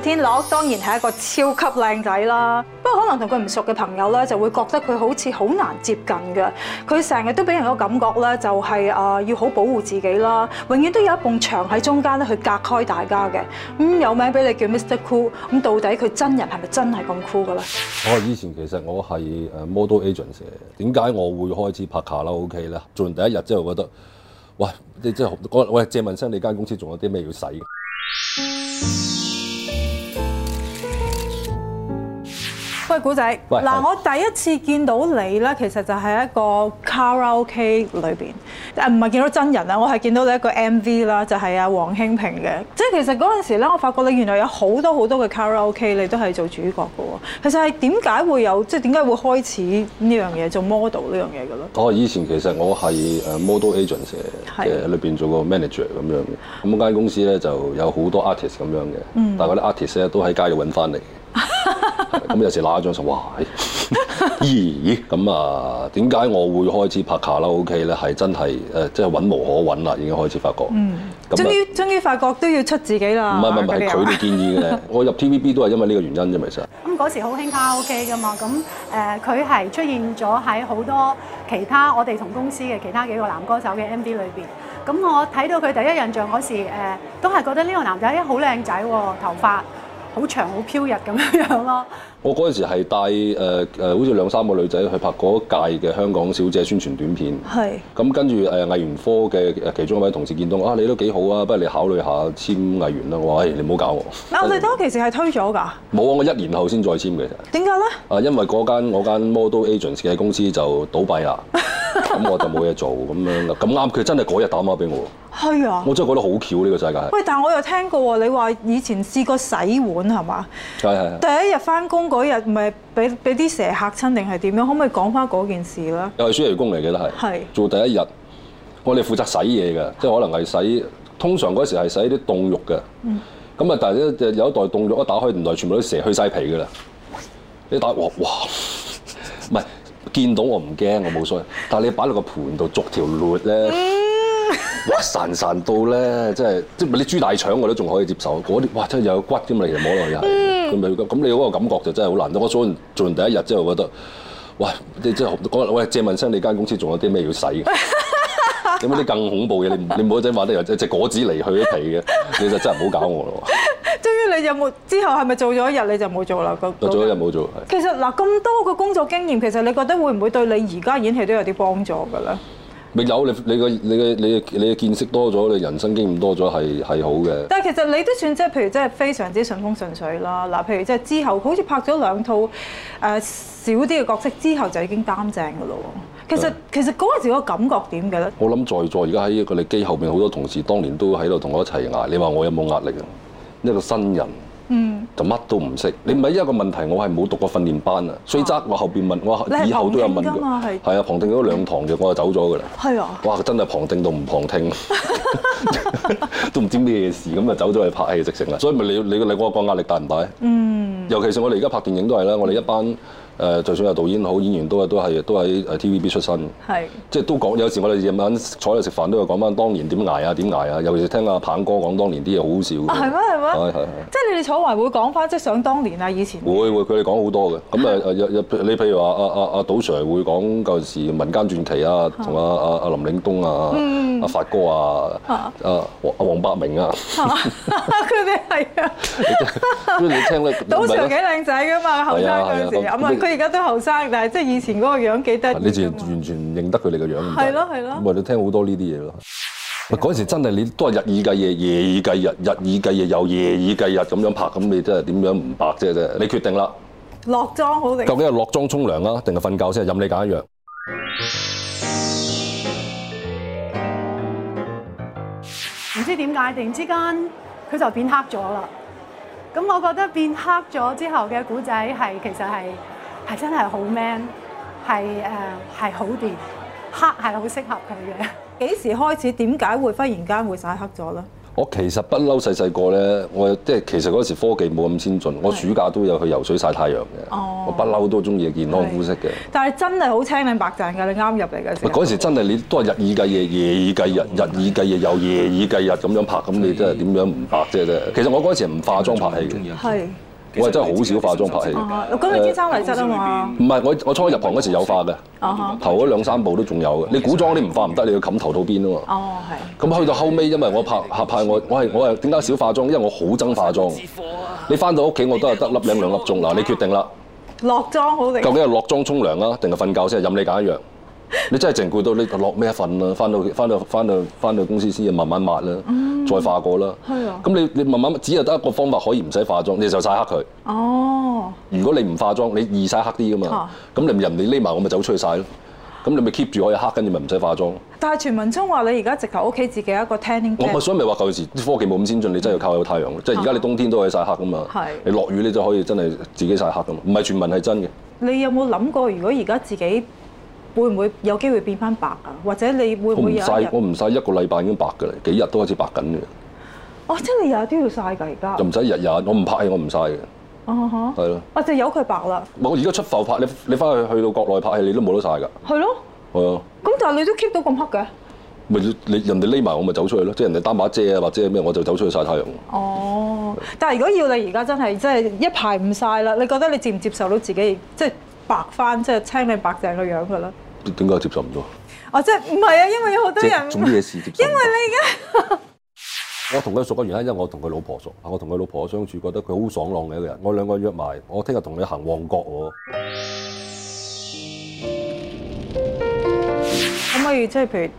天樂當然係一個超級靚仔啦，不過可能同佢唔熟嘅朋友咧，就會覺得佢好似好難接近嘅。佢成日都俾人個感覺咧、就係，就係啊要好保護自己啦，永遠都有一埲牆喺中間咧去隔開大家嘅。咁、嗯、有名俾你叫 Mr Cool，咁、嗯、到底佢真人係咪真係咁 cool 噶咧？我以前其實我係誒 model agent 嘅，點解我會開始拍卡拉 OK 咧，做完第一日之後覺得，喂，你真係好，喂借問聲你間公司仲有啲咩要使？喂，古仔，嗱，我第一次見到你咧，其實就係一個卡拉 OK 裏邊，誒、啊，唔係見到真人啊，我係見到你一個 MV 啦，就係阿黃興平嘅。即係其實嗰陣時咧，我發覺你原來有好多好多嘅卡拉 OK，你都係做主角嘅喎。其實係點解會有，即係點解會開始呢樣嘢做 model 呢樣嘢嘅咧？哦，以前其實我係誒 model agency 嘅裏邊是做個 manager 咁樣嘅，咁間公司咧就有好多 artist 咁樣嘅，嗯、但係嗰啲 artist 咧都喺街度揾翻嚟。 咁有時攞張就哇，咦咁啊，點解我會開始拍卡拉 OK 咧？係真係誒，即係揾無可揾啦，已經開始發覺。終於終於發覺都要出自己啦。唔係唔係，係佢哋建議嘅。 我入 TVB 都係因為呢個原因啫，其實、嗯。咁嗰時好興卡拉 OK 嘅嘛，咁誒佢係出現咗喺好多其他我哋同公司嘅其他幾個男歌手嘅 MV 裏邊。咁我睇到佢第一印象嗰時、呃、都係覺得呢個男仔好靚仔喎，頭髮，好長好飄逸咁樣樣咯！我嗰陣時係帶誒、呃、好似兩三個女仔去拍嗰屆嘅香港小姐宣傳短片。係是。咁跟住誒、呃、藝員科嘅其中一位同事見到我啊，你都幾好啊，不如你考慮下簽藝員啦。我話誒、哎，你唔好搞我。我哋、啊、後當其時係推咗㗎。冇啊，我一年後先再簽嘅。點解咧？啊，因為嗰間我間 model agents 嘅公司就倒閉啦。 咁 我就冇嘢做咁樣啦，咁啱佢真係嗰日打電話俾我。係啊，我真係覺得好巧呢個世界。喂，但係我又聽過你話以前試過洗碗係嘛？係係。是是是，第一日翻工嗰日，咪俾俾啲蛇嚇親定係點樣？可唔可以講翻嗰件事啦？又係暑期工嚟嘅啦，係係是做第一日，我哋負責洗嘢嘅，即係可能係洗，通常嗰時係洗啲凍肉嘅。嗯。咁啊，但係有一袋凍肉一打開，原來全部都蛇去晒皮㗎啦！你打哇哇，唔係。見到我唔驚，我冇所謂。但係你擺落個盤度，逐條攣咧，哇潺潺到咧，真係即係你豬大腸我都仲可以接受。嗰啲哇真係有骨添，嘛，其實摸落又係。佢咪咁，你嗰個感覺就真係好難。我做完第一日之後，覺得哇，你真係講喂，借問聲，你間公司仲有啲咩要洗？有冇啲更恐怖嘅？你你好得啫，玩得又一隻果子嚟，去一皮嘅，你就真係唔好搞我咯。有冇之後係咪做咗一日你就冇做啦？咁我做一日冇做。其實嗱，咁多個工作經驗，其實你覺得會唔會對你而家演戲都有啲幫助嘅咧？咪有你你嘅你嘅你嘅你嘅見識多咗，你人生經驗多咗，係係好嘅。但係其實你都算即係，譬如即係非常之順風順水啦。嗱，譬如即係之後，好似拍咗兩套誒、呃、少啲嘅角色之後，就已經擔正嘅咯。其實是其實嗰陣時個感覺點嘅咧？我諗在座而家喺個機後邊好多同事，當年都喺度同我一齊挨。你話我有冇壓力啊？一個新人。嗯，就乜都唔識。你唔係一個問題，我係冇讀過訓練班啊。所以則我後邊問我，以後都有問佢，係啊旁聽咗兩堂嘅，我就走咗㗎啦。係啊，哇真係旁聽到唔旁聽，都唔知咩事咁啊走咗去拍戲直情啦。所以咪你你你嗰個壓力大唔大？尤其是我哋而家拍電影都係啦，我哋一班誒，就算係導演好演員都係都係都喺 TVB 出身，即係都講有時我哋夜晚坐喺度食飯都係講翻當年點捱啊點捱啊，尤其是聽阿棒哥講當年啲嘢好好笑。係咩？係即係你哋坐。都還會講翻，即係想當年啊，以前會會佢哋講好多嘅。咁誒誒，有有你譬如話阿阿阿杜 Sir 會講舊時民間傳奇啊，同啊阿阿林嶺東啊，阿發哥啊，阿阿黃百鳴啊，佢哋係啊。你聽咧，杜 Sir 幾靚仔噶嘛，後生嗰陣時。係啊係啊。咁啊，佢而家都後生，但係即係以前嗰個樣幾得。你完全完全唔認得佢哋個樣。係咯係咯。咁啊，你聽好多呢啲嘢咯。嗰陣 時真係你都係日以繼夜，夜以繼日，日以繼夜又夜以繼日咁樣拍，咁你真係點樣唔白啫？你決定啦，落妝好定？究竟係落妝沖涼啊，定係瞓覺先？任你揀一樣。唔知點解突然之間佢就變黑咗啦。咁我覺得變黑咗之後嘅古仔係其實係係真係好 man，係誒係好掂，黑係好適合佢嘅。幾時開始？點解會忽然間會曬黑咗咧？我其實不嬲細細個咧，我即係其實嗰時科技冇咁先進，是我暑假都有去游水曬太陽嘅，哦、我不嬲都中意健康膚色嘅。但係真係好青靚白淨㗎，你啱入嚟嘅時候。嗰時真係你都係日以繼夜，夜以繼日，日以繼夜又夜以繼日咁樣拍，咁你真係點樣唔白啫？啫是，其實我嗰時唔化妝拍戲嘅。係。我真係好少化妝，啊、拍戲嘅，咁你天生麗質啊嘛？唔係，我我初入行嗰時有化嘅，啊、哈頭嗰兩三部都仲有嘅。啊、哈你古裝你唔化唔得，你要冚頭到邊啊嘛？哦，係。咁去到後尾，因為我拍合拍，拍我，我係我係點解少化妝？因為我好憎化妝。啊、你翻到屋企我都係得粒兩兩粒鐘嗱，你決定啦。落妝好定？究竟係落妝沖涼啊，定係瞓覺先？任你揀一樣。你真係淨顧到你落咩粉啦，翻到翻到翻到翻到公司先啊，慢慢抹啦，再化過啦。係啊。咁你你慢慢，只有得一個方法可以唔使化妝，你就曬黑佢。哦。如果你唔化妝，你易曬黑啲噶嘛。咁你人哋匿埋，我咪走出去曬咯。咁你咪 keep 住可以黑，跟住咪唔使化妝。但係傳聞中話你而家直頭屋企自己一個 tanning？我咪所以咪話舊時科技冇咁先進，你真係要靠有太陽，即係而家你冬天都可以曬黑噶嘛。你落雨你就可以真係自己曬黑噶嘛，唔係傳聞係真嘅。你有冇諗過如果而家自己？會唔會有機會變翻白啊？或者你會唔會有我？我唔曬，我唔曬一個禮拜已經白嘅啦，幾日都開始白緊嘅。哦，即係你日日都要曬㗎而家。又唔使日日，我唔拍戲，我唔曬嘅。啊咯、uh。啊、huh. 的，就由佢白啦。我而家出埠拍，你你翻去去到國內拍戲，你都冇得曬㗎。係咯的。係啊的。咁但係你都 keep 到咁黑嘅？咪你，你人哋匿埋我咪走出去咯，即係人哋擔把遮啊，或者咩，我就走出去曬太陽。哦、oh, 的。但係如果要你而家真係真係一排唔曬啦，你覺得你接唔接受到自己即係？就是白返即係青靚白淨個樣㗎啦。點解接受唔到哦，即係唔係啊？因為有好多人。做乜嘢事？接因為你而家 我同佢熟嘅原因，因為我同佢老婆熟。我同佢老婆相處，覺得佢好爽朗嘅一個人。我兩個約埋，我聽日同你行旺角喎。可唔可以即係、就是、譬如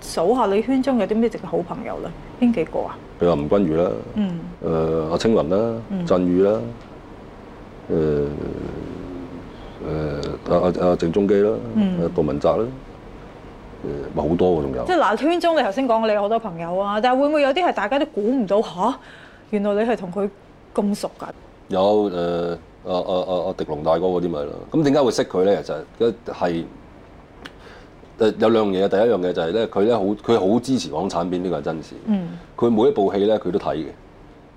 數下你圈中有啲咩值得好朋友咧？邊幾個啊？譬如話吳君如啦。嗯。誒，阿青雲啦，鎮宇啦。誒。誒阿，阿阿鄭中基啦，阿杜汶澤啦，誒咪好多喎仲有。即係嗱，圈中，你頭先講你有好多朋友啊，但係會唔會有啲係大家都估唔到嚇、啊？原來你係同佢咁熟㗎？有，誒阿阿阿阿狄龍大哥嗰啲咪咯？咁點解會識佢咧？其實係一係有兩樣嘢。第一樣嘢就係、是、咧，佢咧好佢好支持港產片呢、呢個係真，真實事。嗯。佢每一部戲咧，佢都睇嘅。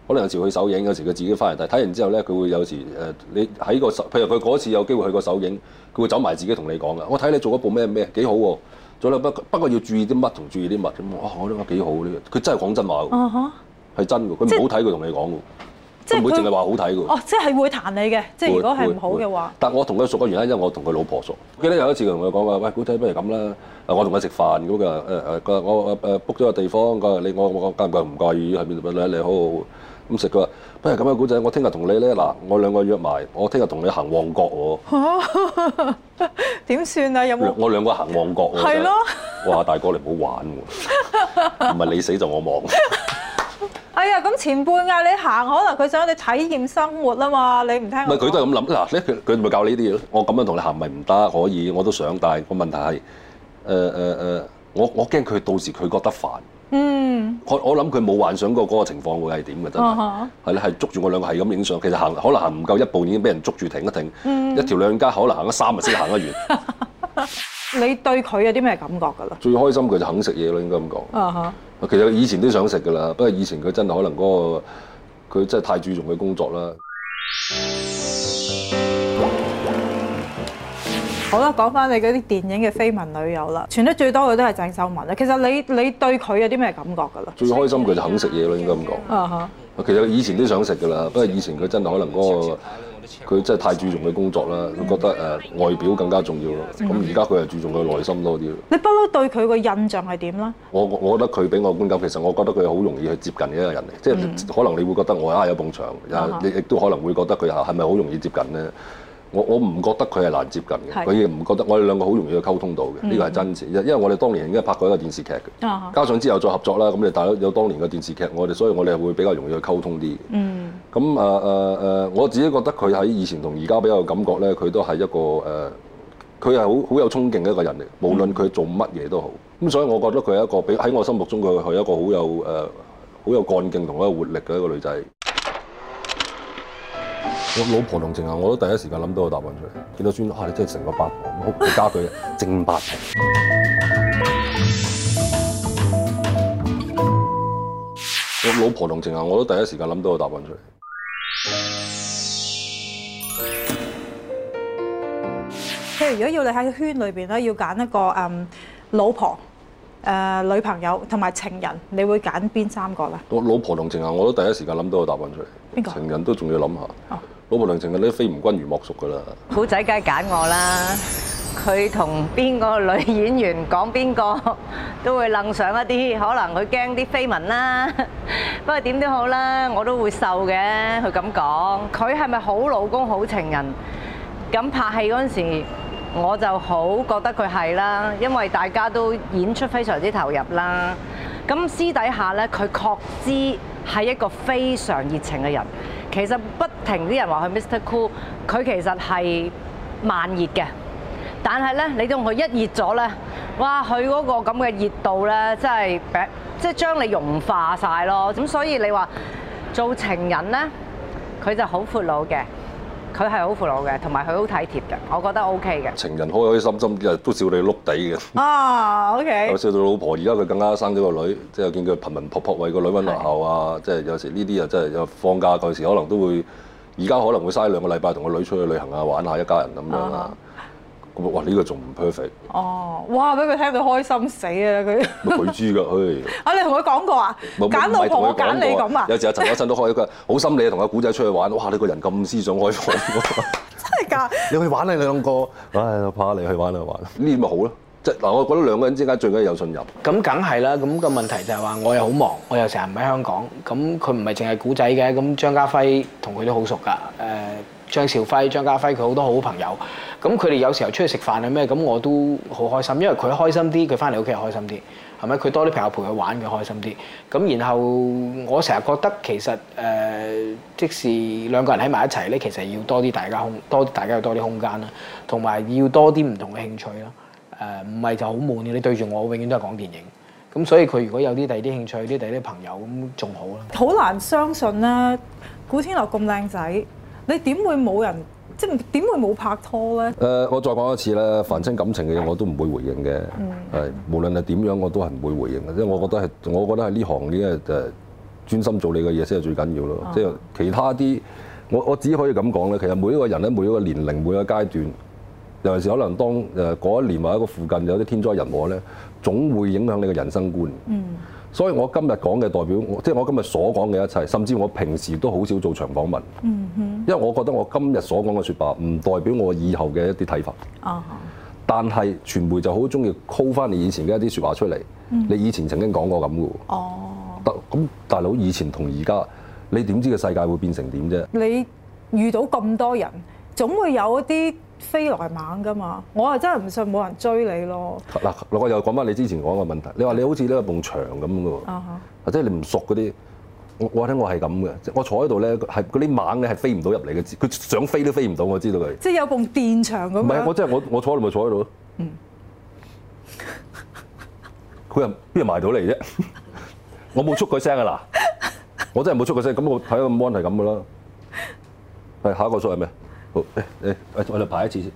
可能有時去首映，有時佢自己翻嚟睇。睇完之後咧，佢會有時誒、呃，你喺個譬如佢嗰次有機會去個首映，佢會走埋自己同你講㗎。我睇你做嗰部咩咩幾好喎、啊，做啦不不過要注意啲乜同注意啲乜咁。哇、啊，我覺得幾好呢。嘅、這個，佢真係講真話㗎。係、uh huh. 真㗎，佢唔好睇佢同你講㗎，唔即會淨係話好睇㗎。即係、哦就是、會彈你嘅，即係如果係唔好嘅話。但我同佢熟嘅原因，因為我同佢老婆熟。記、嗯、得有一次同佢講話，喂，好睇不如咁啦，我同佢食飯咁嘅。誒、呃、誒、呃，我誒誒 book 咗個地方，佢話你我我間房唔介意。」咪兩兩嚟好好。咁食佢話不如咁嘅古仔，我聽日同你咧嗱，我兩個約埋，我聽日同你行旺角喎。點 算啊？有冇？我兩個行旺角。係咯 是的。 哇！大哥，你唔好玩喎，唔 係你死就我亡。 哎呀！咁前輩嗌你行，可能佢想你體驗生活啊嘛，你唔聽？唔係佢都係咁諗。嗱，咧佢佢咪教你呢啲嘢咯。我咁樣同你行咪唔得？可以，我都想，但係個問題係，誒誒誒，我我驚佢到時佢覺得煩。嗯，我我諗佢冇幻想過嗰個情況會係點㗎，真係，係咧、uh huh. 係捉住我兩個係咁影相。其實行可能行唔夠一步已經俾人捉住停一停，uh huh. 一條兩街可能行咗三日先行得完。 你對佢有啲咩感覺㗎啦？最開心佢就肯食嘢咯，應該咁講。啊、uh huh. 其實以前都想食㗎啦，不過以前佢真係可能嗰、嗰個佢真係太注重佢工作啦。好啦，講翻你嗰啲電影嘅緋聞女友啦，傳得最多嘅都係鄭秀文啦。其實你你對佢有啲咩感覺噶啦？最開心佢就肯食嘢啦，應該咁講。啊哈、uh！Huh. 其實以前都想食噶啦，不過以前佢真係可能嗰、嗰個佢真係太注重佢工作啦，佢覺得誒外表更加重要咯。咁而家佢係注重佢內心多啲。你不嬲對佢個印象係點咧？Huh. 我我覺得佢俾我觀感，其實我覺得佢好容易去接近一個人嚟，即係可能你會覺得我啊有埲牆，uh huh. 你亦都可能會覺得佢係咪好容易接近咧？我我唔覺得佢係難接近嘅，佢亦唔覺得我哋兩個好容易去溝通到嘅，呢個係真事。因為我哋當年已經拍過一個電視劇嘅，啊、哈加上之後再合作啦，咁你帶有有當年嘅電視劇，我哋所以我哋係會比較容易去溝通啲。咁誒誒誒，我自己覺得佢喺以前同而家比較感覺咧，佢都係一個誒，佢係好好有衝勁嘅一個人嚟，無論佢做乜嘢都好。咁、嗯、所以我覺得佢係一個比喺我心目中佢係一個好有誒好、呃、有幹勁同一個活力嘅一個女仔。我老婆同情人，我都第一時間諗到個答案出嚟。見到尊啊，你真係成個八婆，你加佢 正八成。我老婆同情人，我都第一時間諗到個答案出嚟。譬如如果要你喺個圈裏邊咧，要揀一個嗯老婆、誒、呃、女朋友同埋情人，你會揀邊三個咧？我老婆同情人，我都第一時間諗到個答案出嚟。邊個誰？情人都仲要諗下。哦。老婆良情嘅都非吳君如莫屬嘅啦。古仔梗係揀我啦，佢同邊個女演員講邊個都會諗上一啲，可能佢驚啲緋聞啦。不過點都好啦，我都會受嘅。佢咁講，佢係咪好老公好情人？咁拍戲嗰陣時，我就好覺得佢係啦，因為大家都演出非常之投入啦。咁私底下呢，佢確知。係一個非常熱情嘅人，其實不停啲人話佢 Mr. Cool，佢其實係慢熱嘅，但係咧你同佢一熱咗咧，哇！佢嗰個咁嘅熱度咧，真係，即係將你融化晒咯。咁、嗯、所以你話做情人咧，佢就好闊佬嘅。佢係好護我嘅，同埋佢好體貼嘅，我覺得 O K 嘅。情人開開心心，日都笑你碌地嘅。啊，O K。Okay， 笑到老婆，而家佢更加生咗個女，即係見佢頻頻撲撲為個女揾學校啊，是即係有時呢啲又真係有放假嗰時，可能都會而家可能會嘥兩個禮拜同個女出去旅行啊，玩一下一家人咁樣啊。哇！呢個仲唔 perfect？哦，哇！俾佢聽到開心死啊！佢佢知㗎，啊！你同佢講過啊？揀不老婆揀你咁啊！有時整親身都開，佢好心理，啊！同阿古仔出去玩，哇！呢個人咁思想開放，真係㗎！ 你去玩你兩個唉，就跑嚟去玩你去玩，玩，呢啲咪好咯？即係嗱，我覺得兩個人之間最緊要有信任。咁梗係啦，咁個問題就係話，我又好忙，我又成日唔喺香港。咁佢唔係淨係古仔嘅，咁張家輝同佢都好熟㗎。誒、呃。張兆輝、張家輝佢好多好，好朋友，咁佢哋有時候出去食飯啊咩，咁我都好開心，因為佢開心啲，佢返嚟屋企又開心啲，係咪？佢多啲朋友陪佢玩，佢開心啲。咁然後我成日覺得其實誒、呃，即使兩個人喺埋一齊咧，其實要多啲大家空多，大家要多啲空間啦，同埋要多啲唔同嘅興趣咯。誒唔係就好悶嘅，你對住我永遠都係講電影。咁所以佢如果有啲第二啲興趣，有啲第啲朋友咁仲好啦。好難相信咧、啊，古天樂咁靚仔。你點會冇人即係點會冇拍拖咧？誒、呃，我再講一次啦，凡親感情嘅嘢我都唔會回應嘅，係、嗯、無論係點樣我都係唔會回應嘅，因為我覺得係我覺得係呢行啲咧誒專心做你嘅嘢先係最緊要咯。即係、嗯、其他啲我我只可以咁講咧，其實每一個人咧每一個年齡每一個階段，尤其是可能當誒過、呃、一年或者一個附近有啲天災人禍咧，總會影響你嘅人生觀。嗯所以我今日講嘅代表，即係我今日所講嘅一切，甚至我平時都好少做長訪問，嗯哼。因為我覺得我今日所講嘅說話唔代表我以後嘅一啲睇法。哦。但係傳媒就好中意 call 翻你以前嘅一啲說話出嚟，嗯。你以前曾經講過咁嘅喎？哦。咁大佬以前同而家，你點知個世界會變成點啫？你遇到咁多人，總會有一啲。飛來猛噶嘛，我係真係唔信冇人追你咯。嗱、啊，我又講翻你之前講嘅問題，你話你好似呢一埲牆咁嘅喎，uh huh. 即係你唔熟嗰啲。我聽我係咁嘅，即我坐喺度咧，係嗰啲猛咧係飛唔到入嚟嘅，佢想飛都飛唔到，我知道佢。即係有部電牆咁。唔係， 我真係我我坐喺度咪坐喺度咯。佢又邊度埋到嚟啫？我冇出個聲㗎喇，我真係冇出個聲，咁我睇個 mon 係咁嘅啦。係下一個出係咩？好，誒誒我哋排一次先。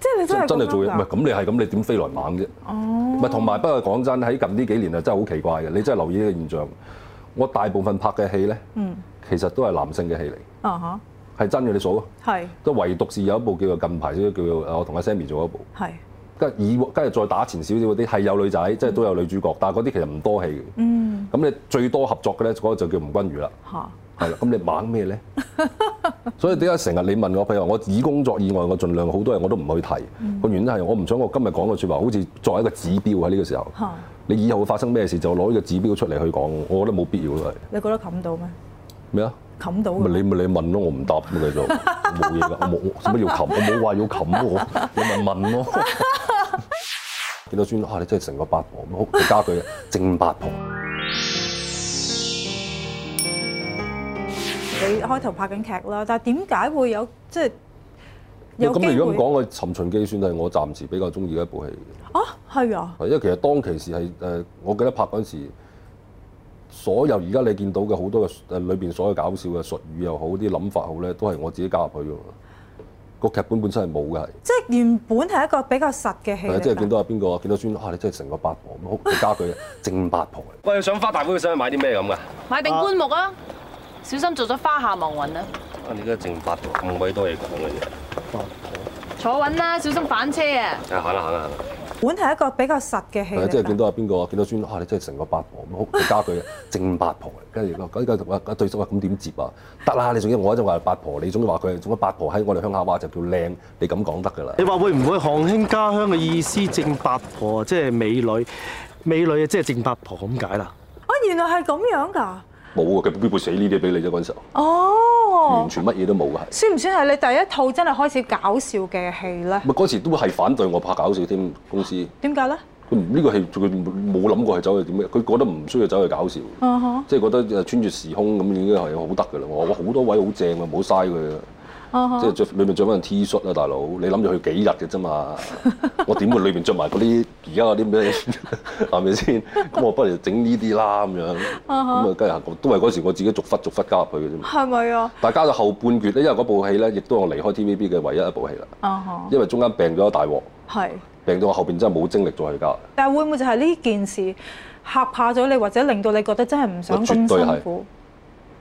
即係你真係真係做嘢，唔係咁你係咁，你點飛來猛啫？哦、oh.，唔係，同埋不過講真，喺近呢幾年啊，真係好奇怪嘅。你真係留意呢個現象。我大部分拍嘅戲咧，嗯，其實都係男性嘅戲嚟。啊嚇、uh，係、huh. 真嘅，你數啊，係是。都唯獨是有一部叫做近排少少叫做我同阿 Sammy 做一部，係是。跟以跟住再打前少少嗰啲係有女仔，即係都有女主角，但係嗰啲其實唔多戲嘅。嗯、uh。咁、huh. 你最多合作嘅咧，嗰、那個就叫吳君如啦。嚇。係啦，咁 你猛咩咧？所以點解成日你問我？譬如我以工作以外盡，我儘量好多人我都唔去提。個、嗯、原因係我唔想我今日講嘅説話好似作為一個指標喺呢個時候。啊、你以後會發生咩事就攞呢個指標出嚟去講，我覺得冇必要都係。你覺得冚到咩？咩啊？冚到咪你咪你問咯，我唔答咪就冇嘢㗎。我冇使乜要冚，我冇話要冚喎。你咪問咯。見到孫啊，你真係成個八婆，你家佢正八婆。 你開頭拍緊劇啦，但係點解會有即係咁，你如果唔講《我尋秦記》，算係我暫時比較中意嘅一部戲。哦，係啊！啊因為其實當其時係誒，我記得拍嗰陣時，所有而家你見到嘅好多嘅誒裏邊所有搞笑嘅術語又好，啲諗法好咧，都係我自己加入去嘅喎。個劇本本身係冇嘅，係。即係原本係一個比較實嘅戲即係、啊、看見到阿邊個，見到孫啊！你真係成個八婆咁，你加佢 正八婆。喂，想花大款，想買啲咩咁嘅買定棺木啊！啊小心做咗花下亡魂啊！啊，你而家正八婆咁鬼多嘢講嘅嘢。八婆坐穩啦，小心反車啊！行啦，行啦，行啦。本係一個比較實嘅戲即係見到啊邊個見到尊，嚇你真係成個八婆咁你加佢，正八婆嚟，跟住嗰啲家對手話咁點接啊？得啦，你仲要我一就話八婆，你總之話佢，做乜八婆喺我哋鄉下話就叫靚，你咁講得㗎啦。你話會唔會韓兄家鄉嘅意思正八婆，即係美女，美女啊，即係正八婆咁解啦？啊，原來係咁樣㗎！冇啊，佢會背死呢啲俾你啫嗰陣時候。哦，完全乜嘢都冇嘅。算唔算係你第一套真係開始搞笑嘅戲咧？唔係嗰時都係反對我拍搞笑添公司。點解咧？佢呢、呢個戲佢冇冇諗過係走去點咩？佢覺得唔需要走去搞笑。即係、嗯、哼覺得穿越時空咁已經係好得㗎啦！我好多位好正啊，冇嘥佢。即係着裏面着翻件 T 恤啊，大佬！你諗住去幾日嘅啫嘛？我點會裏面着埋嗰啲而家嗰啲咩係咪先？咁我不如整呢啲啦咁樣。咁啊，今日都係嗰時我自己逐忽逐忽加入去嘅啫。係咪啊？但係加到後半橛咧，因為嗰部戲咧，亦都係我離開 TVB 嘅唯一一部戲啦。因為中間病咗一大鑊，係病到我後邊真係冇精力再去加。但係會唔會就係呢件事嚇怕咗你，或者令到你覺得真係唔想咁辛苦？絕對係。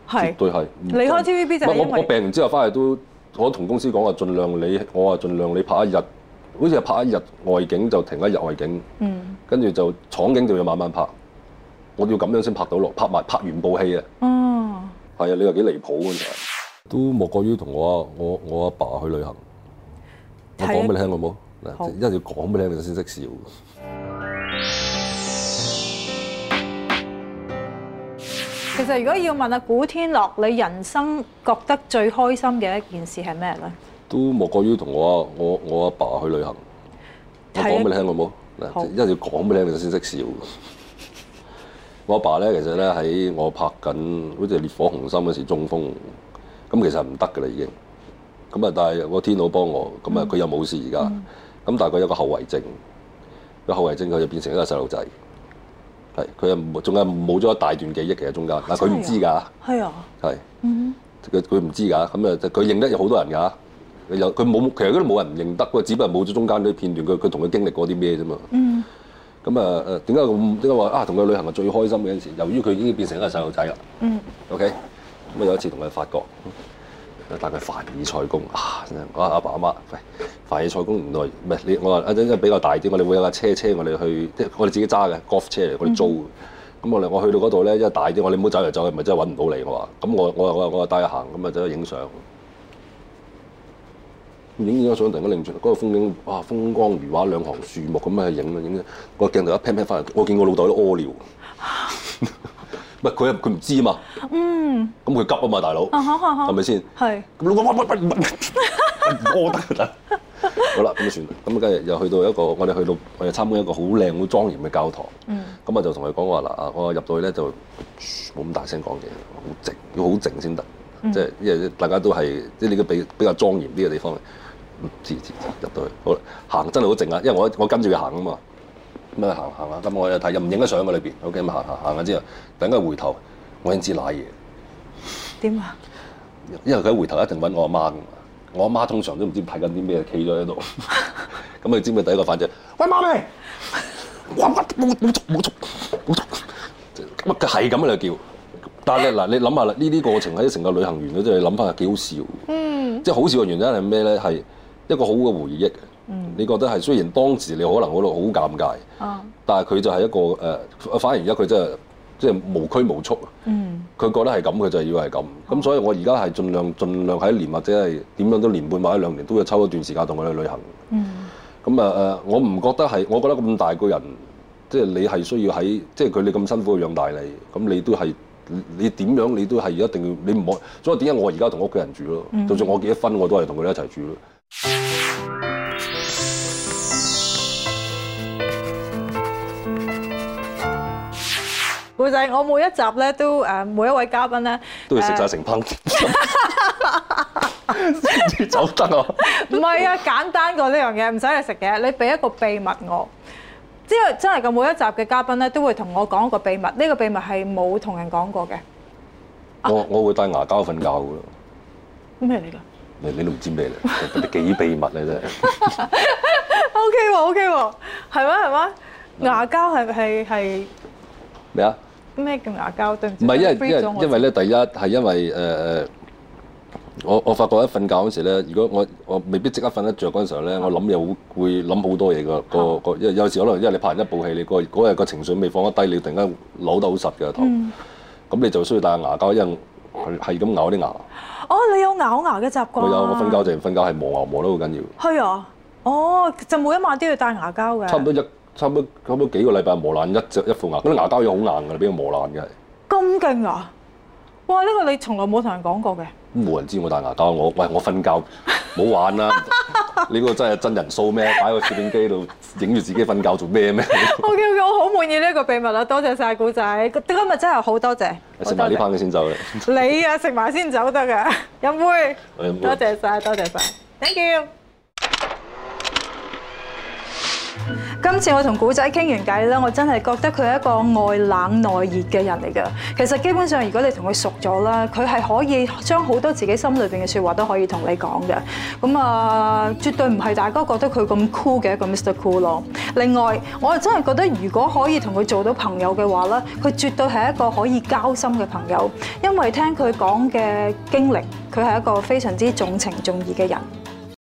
係。絕對係。離開 TVB 就係我病完之後翻嚟都。我同公司講話，盡量你，我話盡量你拍一日，好似係拍一日外景就停一日外景，跟住、嗯、就廠景就要慢慢拍。我要咁樣先拍到落，拍埋拍完部戲啊。嗯、哦，係啊，你話幾離譜喎，都莫過於同我阿我我阿爸，爸去旅行。我講俾你聽好冇？嗱，因為要講俾你聽，好你先識笑。其實如果要問阿古天樂，你人生覺得最開心嘅一件事係咩咧？都莫過於同我阿我我阿爸，爸去旅行。的我講俾你聽好唔好？嗱好，因為要講俾你聽，你先識笑。 我阿爸咧，其實咧喺我拍緊好似烈火雄心嗰時中風，咁其實唔得噶啦已經。咁啊，但係個天佬幫我，咁啊佢又冇事而家。咁，嗯、但係佢有個後遺症，個後遺症佢就變成一個細路仔。係，佢又冇，仲係冇咗一大段記憶，其實中間，但係佢唔知㗎。係啊，係。嗯，佢佢唔知㗎，咁啊，佢認得有好多人㗎。佢有，佢冇，其實嗰啲冇人唔認得，只不過冇咗中間啲片段，佢佢同佢經歷過啲咩啫嘛。嗯，咁啊，點解點解話啊，同佢旅行係最開心嘅一件事？由於佢已經變成一個細路仔啦。嗯。O K，咁啊有一次同佢去法啊！大概凡爾賽宮啊，我阿爸阿媽，喂，凡爾賽宮原來唔係你，我話阿陣比較大啲，我哋會有架車車我哋去，即係我哋自己揸嘅 Golf 車，佢哋租。咁我嚟，我去到嗰度咧，因為大啲，我哋唔好走嚟走去，咪真係揾唔到你。我話，咁我我我我帶你行，咁啊走去影相，影影咗相突然間拎唔出嚟，嗰個風景哇，風光如畫，兩行樹木咁啊影影啊，個鏡頭一 pan pan 翻嚟，我見我腦袋都屙尿。佢佢唔知啊嘛。嗯。咁佢急啊嘛，大佬。嚇係咪先？係。咁你喂喂喂喂唔該。唔該得啦。好啦，咁啊算啦。咁啊，跟住又去到一個，我哋去到我哋參觀一個好靚好莊嚴嘅教堂。我我嗯。咁我就同佢講話啦啊！我入到去咧就冇咁大聲講嘢，好靜要好靜先得。嗯。即係因為大家都係即係呢個比比較莊嚴啲嘅地方嚟。嗯。黐黐黐入到去，好啦，行真係好靜啊，因為我我跟住佢行啊嘛。咁啊行行下，咁我又睇又唔影得相嘅裏邊，OK 咁行下行下之後，等佢回頭，我先知瀨嘢點啊！樣因為佢回頭一定揾我阿媽㗎嘛，我阿媽通常都唔知排緊啲咩，企咗喺度。咁 你、嗯、知唔知第一個反應？喂媽咪，冇冇冇足冇足冇足，乜佢係咁樣叫？但係你嗱，你諗下啦，呢啲過程喺成個旅行完嗰啲，你諗翻係幾好笑。嗯，即係好笑嘅原因係咩咧？係一個好嘅回憶。嗯、你覺得係雖然當時你可能嗰度好尷尬，啊、但係佢就係一個誒、呃，反而而家佢真係即係無拘無束，嗯，佢覺得係咁，佢就以為係咁。咁所以我而家係盡量盡量喺年或者係點樣都年半或者兩年都要抽一段時間同佢去旅行。嗯，咁啊誒，我唔覺得係，我覺得咁大個人，即、就、係、是、你係需要喺，即係佢你咁辛苦養大你，咁你都係你點樣你都係一定要，你唔可。所以點解我而家同屋企人住咯？嗯、就算我結咗婚，我都係同佢哋一齊住咯。嗯故仔，我每一集咧都誒，每一位嘉賓咧，都會食曬成班先走得啊！唔係啊，簡單過呢樣嘢，唔使你食嘅，你俾一個秘密我。之後真係嘅每一集嘅嘉賓咧，都會同我講一個秘密，呢個秘密係冇同人講過嘅。我我會帶牙膠瞓覺㗎喇。咩嚟㗎？你你都唔知咩嚟？幾秘密嚟啫？OK 喎，OK 喎，係啊，係嗎？牙膠係係係咩啊？咩叫牙膠，對唔住？唔係，因為了因為因為咧，第一係因為誒誒，我我發覺一瞓覺嗰時咧，如果我我未必即刻瞓得着嗰陣時候咧，啊、我諗又會諗好多嘢噶，個個因為有時可能因為你拍完一部戲，你個嗰日個情緒未放得低，你突然間扭得好實嘅頭，咁、嗯、你就需要戴牙膠，因係係咁咬啲牙。哦，你有咬牙嘅習慣？有，我瞓覺就瞓覺係磨牙磨得好緊要。係啊，哦，就每一晚都要戴牙膠嘅。差唔多差唔多，差唔多幾個禮拜磨爛一隻一副牙，嗰啲牙膠已經好硬噶啦，俾佢磨爛嘅？咁勁啊！哇，呢個你從來冇同人講過嘅。冇人知我戴牙膠，我喂我瞓覺冇玩啦！ 你個真係真人 show 咩？擺個攝影機度影住自己瞓覺做咩咩？好嘅，好，我好滿意呢一個秘密啦，多謝晒古仔，今日真係好多謝。食埋呢盤先走你啊，食埋先走得嘅，飲杯。多謝晒！多謝晒！Thank you。今次我同古仔傾完偈咧，我真係覺得佢係一個外冷內熱嘅人嚟嘅。其實基本上，如果你同佢熟咗啦，佢係可以將好多自己心裏邊嘅說話都可以同你講嘅。咁啊，絕對唔係大家覺得佢咁 cool 嘅一個 Mr. Cool 咯。另外，我係真係覺得，如果可以同佢做到朋友嘅話咧，佢絕對係一個可以交心嘅朋友。因為聽佢講嘅經歷，佢係一個非常之重情重義嘅人。